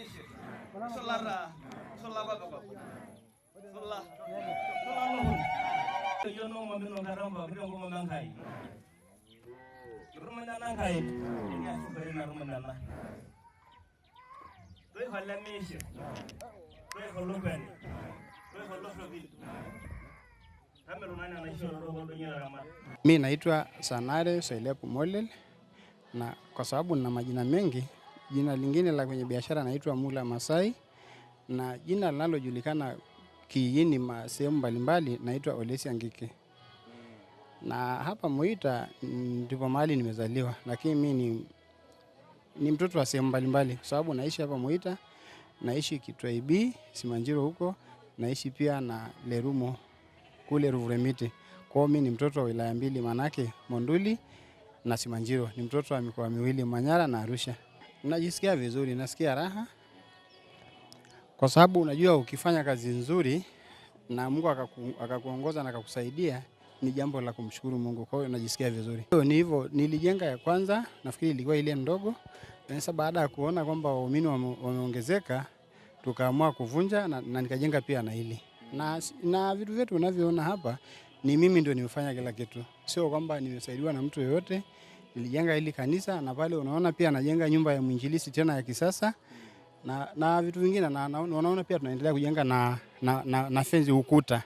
Solara, baba. Yo no garamba, ngoma Rumana na rumana na. holo ben. holo Mi naitwa Sanare Soilepu Molel na kwa sababu nina majina mengi Jina lingine la kwenye biashara naitwa Mula Masai na jina linalojulikana kiini sehemu mbalimbali naitwa Olesi Angike na hapa Muita ndipo mahali nimezaliwa, lakini mi ni, ni mtoto wa sehemu mbalimbali, kwa sababu naishi hapa Muita, naishi Kitwaibi Simanjiro huko, naishi pia na Lerumo kule Ruvuremiti. Kwao mi ni mtoto wa wilaya mbili, manake Monduli na Simanjiro, ni mtoto wa mikoa miwili, Manyara na Arusha. Najisikia vizuri, nasikia raha kwa sababu unajua ukifanya kazi nzuri na Mungu akaku, akakuongoza na akakusaidia ni jambo la kumshukuru Mungu. Kwa hiyo najisikia vizuri. Hiyo Ni hivyo, nilijenga ya kwanza, nafikiri ilikuwa ile ndogo. Sasa baada ya kuona kwamba waumini wameongezeka, tukaamua kuvunja na, na nikajenga pia na hili na, na vitu vyetu unavyoona hapa ni mimi ndio nimefanya kila kitu, sio kwamba nimesaidiwa na mtu yoyote nilijenga hili kanisa na pale unaona pia anajenga nyumba ya mwinjilisi tena ya kisasa na, na vitu vingine na, na, unaona pia tunaendelea kujenga na, na, na, na fenzi ukuta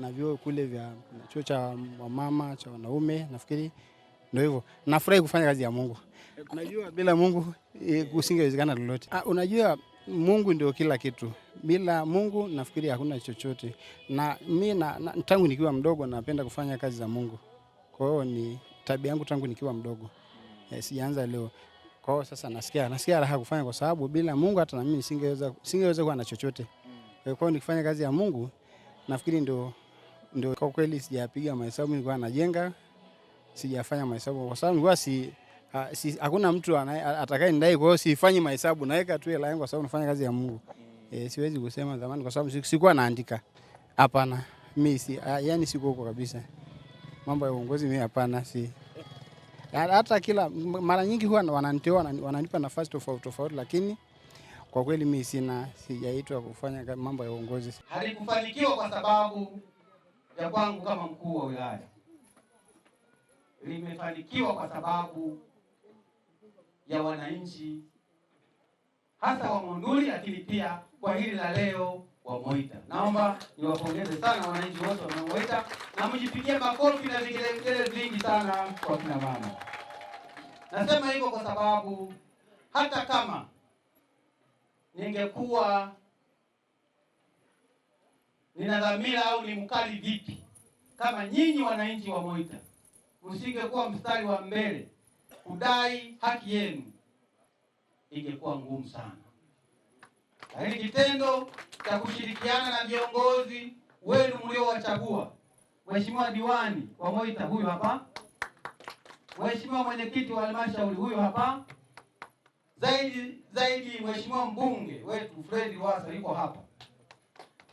na vyoo kule vya chuo cha wamama cha wanaume nafikiri ndio hivyo. Nafurahi kufanya kazi ya Mungu. Unajua bila Mungu e, kusingewezekana lolote. Ah, unajua Mungu ndio kila kitu. Bila Mungu nafikiri hakuna chochote. Na mimi na, na, tangu nikiwa mdogo napenda kufanya kazi za Mungu. Kwa hiyo ni tabia yangu tangu nikiwa mdogo e, sijaanza leo. Kwa hiyo sasa nasikia nasikia raha kufanya, kwa sababu bila Mungu hata na mimi nisingeweza singeweza kuwa na chochote. Eh, kwa hiyo nikifanya kazi ya Mungu nafikiri ndio ndio kwa kweli. Sijapiga mahesabu, nilikuwa najenga, sijafanya mahesabu kwa sababu nilikuwa si hakuna si, mtu atakaye ndai. Kwa hiyo sifanyi mahesabu, naweka tu hela yangu kwa sababu nafanya kazi ya Mungu. Mm. E, siwezi kusema zamani kwa sababu sikuwa naandika, hapana mimi si, ah, yani siko huko kabisa. Mambo ya uongozi mimi hapana, si hata kila mara nyingi huwa wananiteua, wananipa nafasi tofauti tofauti, lakini kwa kweli mimi sina, sijaitwa kufanya mambo ya uongozi. Halikufanikiwa kwa sababu ya kwangu kama mkuu wa wilaya, limefanikiwa kwa sababu ya wananchi hasa wa Monduli, lakini pia kwa hili la leo wa Moita. Naomba niwapongeze sana wananchi wote wa Moita na mjipigie makofi na vigelegele vingi sana kwa kina mama. Nasema hivyo kwa sababu hata kama ningekuwa nina dhamira au ni mkali vipi, kama nyinyi wananchi wa Moita msingekuwa mstari wa mbele kudai haki yenu, ingekuwa ngumu sana. Lakini kitendo cha kushirikiana na viongozi wenu mliowachagua, Mheshimiwa diwani wa Moita huyu hapa, Mheshimiwa mwenyekiti wa halmashauri huyu hapa, zaidi zaidi Mheshimiwa mbunge wetu Fred wasa yuko hapa.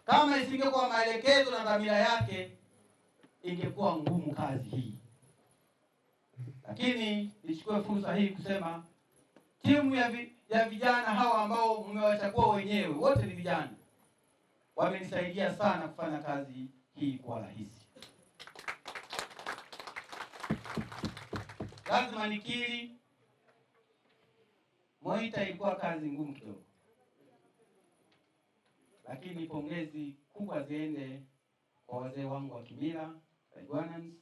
Kama isingekuwa maelekezo na dhamira yake, ingekuwa ngumu kazi hii, lakini nichukue fursa hii kusema timu ya, vi, ya vijana hawa ambao mmewachagua wenyewe, wote ni vijana, wamenisaidia sana kufanya kazi hii kwa rahisi. Lazima nikiri, Moita ilikuwa kazi ngumu kidogo, lakini pongezi kubwa ziende kwa wazee wangu wa kimila Iguanans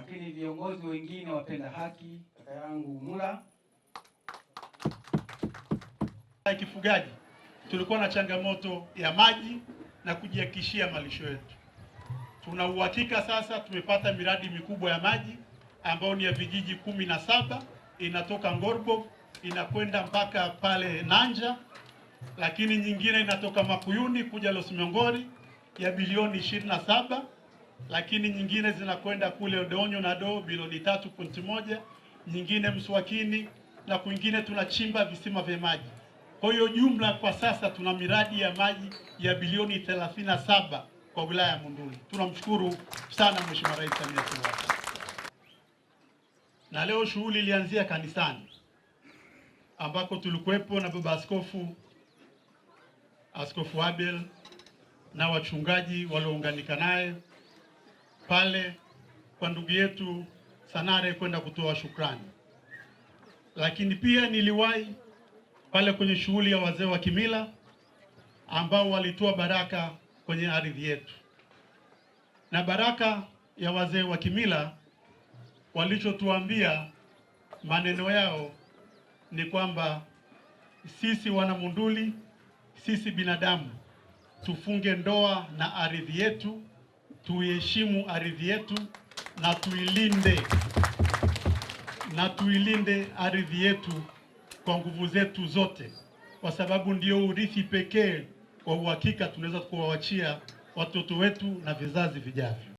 lakini viongozi wengine wapenda haki, kaka yangu Mula kifugaji, tulikuwa na changamoto ya maji na kujihakikishia malisho yetu. Tuna uhakika sasa, tumepata miradi mikubwa ya maji ambayo ni ya vijiji kumi na saba inatoka Ngorbo inakwenda mpaka pale Nanja, lakini nyingine inatoka Makuyuni kuja Losmongori ya bilioni ishirini na saba lakini nyingine zinakwenda kule Donyo na Doo bilioni tatu pointi moja, nyingine Mswakini na kwingine tunachimba visima vya maji. Kwa hiyo jumla kwa sasa tuna miradi ya maji ya bilioni 37 kwa wilaya ya Monduli. Tunamshukuru sana Mheshimiwa Rais Samia Suluhu Hassan. Na leo shughuli ilianzia kanisani ambako tulikuwepo na baba askofu, Askofu Abel na wachungaji waliounganika naye pale kwa ndugu yetu Sanare kwenda kutoa shukrani, lakini pia niliwahi pale kwenye shughuli ya wazee wa kimila ambao walitoa baraka kwenye ardhi yetu, na baraka ya wazee wa kimila walichotuambia maneno yao ni kwamba sisi Wanamunduli, sisi binadamu tufunge ndoa na ardhi yetu tuiheshimu ardhi yetu na tuilinde, na tuilinde ardhi yetu kwa nguvu zetu zote, kwa sababu ndio urithi pekee kwa uhakika tunaweza kuwaachia watoto wetu na vizazi vijavyo.